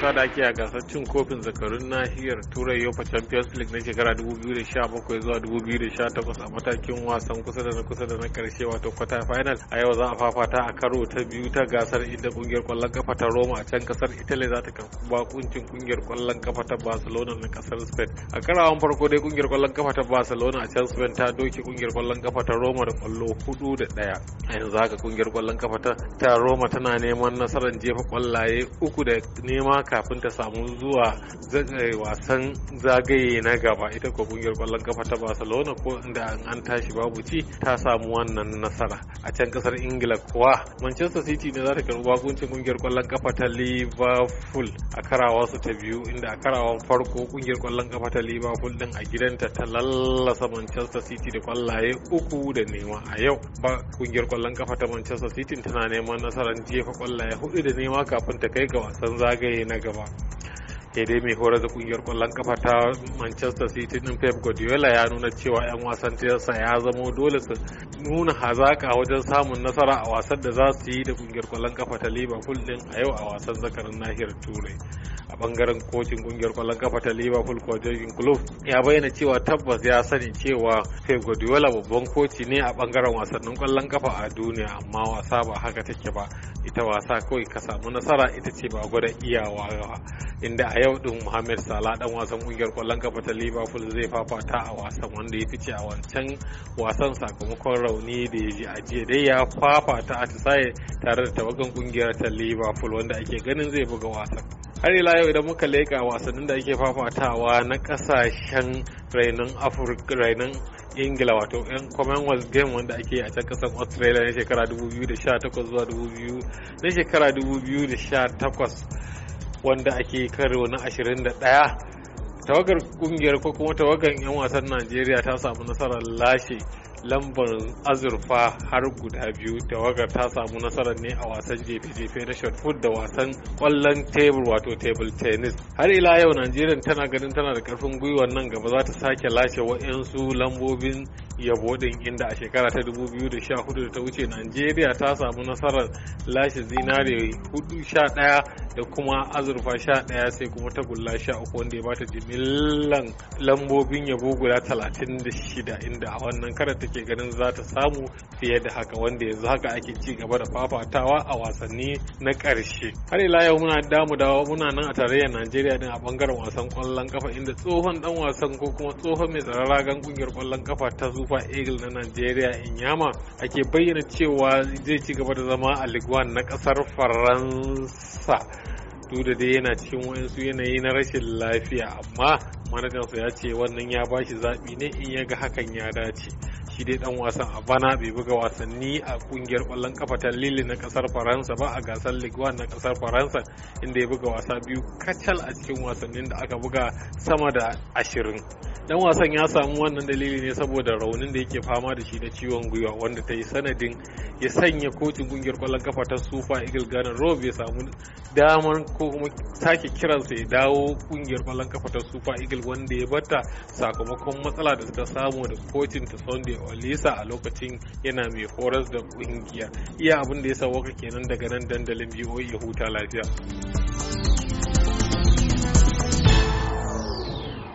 wasa da ake a gasar cin kofin zakarun nahiyar turai yofa champions league na shekara 2017 zuwa 2018 a matakin wasan kusa da na kusa da na karshe wato kwata final a yau za a fafata a karo ta biyu ta gasar inda kungiyar kwallon kafa ta roma a can kasar italy za ta karɓi bakuncin kungiyar kwallon kafa ta barcelona na kasar spain a karawan farko dai kungiyar kwallon kafa ta barcelona a can spain ta doke kungiyar kwallon kafa ta roma da kwallo hudu da daya a yanzu haka kungiyar kwallon kafa ta roma tana neman nasarar jefa kwallaye uku da nema kafin ta samu zuwa eh, wasan zagaye na gaba ita ko kungiyar kwallon kafa ta barcelona ko inda an tashi babu ci ta samu wannan nasara a can kasar ingila kuwa manchester city ne za ta karbi bakuncin kungiyar kwallon kafa ta liverpool a karawa su ta biyu inda a karawan farko kungiyar kwallon kafa ta liverpool din a gidanta ta lallasa manchester city da kwallaye uku da nema a yau ba kungiyar kwallon kafa ta manchester city tana neman nasarar jefa kwallaye hudu da nema kafin ta kai ga wasan zagaye na gaba ke mai horar da kungiyar kwallon kafa ta manchester city din pep guardiola ya nuna cewa 'yan wasan tiyarsa ya zamo dole su nuna hazaka wajen samun nasara a wasan da za su yi da kungiyar kwallon kafa ta liverpool din a yau a wasan zakarin nahiyar turai a bangaren kocin kungiyar kwallon kafa ta liverpool ko jurgen klopp ya bayyana cewa tabbas ya sani cewa pep guardiola babban koci ne a bangaren wasannin kwallon kafa a duniya amma wasa ba haka take ba ita wasa kawai ka samu nasara ita ce ba gwada iyawa inda a yau din Mohamed Salah dan wasan kungiyar kwallon kafa ta Liverpool zai fafata a wasan wanda ya fice a wancan wasan sakamakon rauni da ya ji a jiya dai ya fafata a tare da tawagan kungiyar ta Liverpool wanda ake ganin zai buga wasan har ila yau idan muka leƙa wasannin da ake fafatawa na kasashen rainon afirka rainin ingila wato yan commonwealth game wanda ake a can kasar australia na shekara 2018 zuwa 2000 na shekara 2018 wanda ake karo na 21 tawagar kungiyar ko kuma tawagar yan wasan najeriya ta samu nasarar lashe lambar azurfa har guda biyu tawagar ta samu nasarar ne a wasan jefe-jefe na shot fut da wasan kwallon tebur wato table tennis har ila yau najeriya tana ganin tana da karfin gwiwa nan gaba za ta sake lashe wa'yansu lambobin yabo din inda a shekara ta 2014 da ta wuce najeriya ta samu nasarar lashe zinare 11 da kuma azurfa 11 sai kuma tagulla 13 wanda ya bata jimillan lambobin yabo guda 36 inda a wannan karata kake ganin za ta samu fiye da haka wanda yanzu haka ake ci gaba da fafatawa a wasanni na ƙarshe har ila yau muna damu da muna nan a tarayyar najeriya din a bangaren wasan kwallon kafa inda tsohon dan wasan ko kuma tsohon mai tsaron ragan kungiyar kwallon kafa ta zufa eagle na najeriya inyama ake bayyana cewa zai ci gaba da zama a ligue na kasar faransa duk da dai yana cikin wayansu yanayi na rashin lafiya amma manajansa ya ce wannan ya bashi zaɓi ne in ya ga hakan ya dace shi dai dan wasan a bana bai buga wasanni a kungiyar kwallon kafa ta lille na kasar faransa ba a gasar ligue 1 na kasar faransa inda ya buga wasa biyu kacal a cikin wasannin da aka buga sama da ashirin dan wasan ya samu wannan dalili ne saboda raunin da yake fama da shi na ciwon gwiwa wanda ta yi sanadin ya sanya kocin kungiyar kwallon kafa ta sufa eagle ghana rob ya samu damar ko kuma sake kiransa ya dawo kungiyar kwallon kafa ta super eagle wanda ya bata sakamakon matsala da suka samu da sporting ta sunday olisa a lokacin yana mai horas da kungiya iya abin da ya sa waka kenan daga nan dandalin ya huta lafiya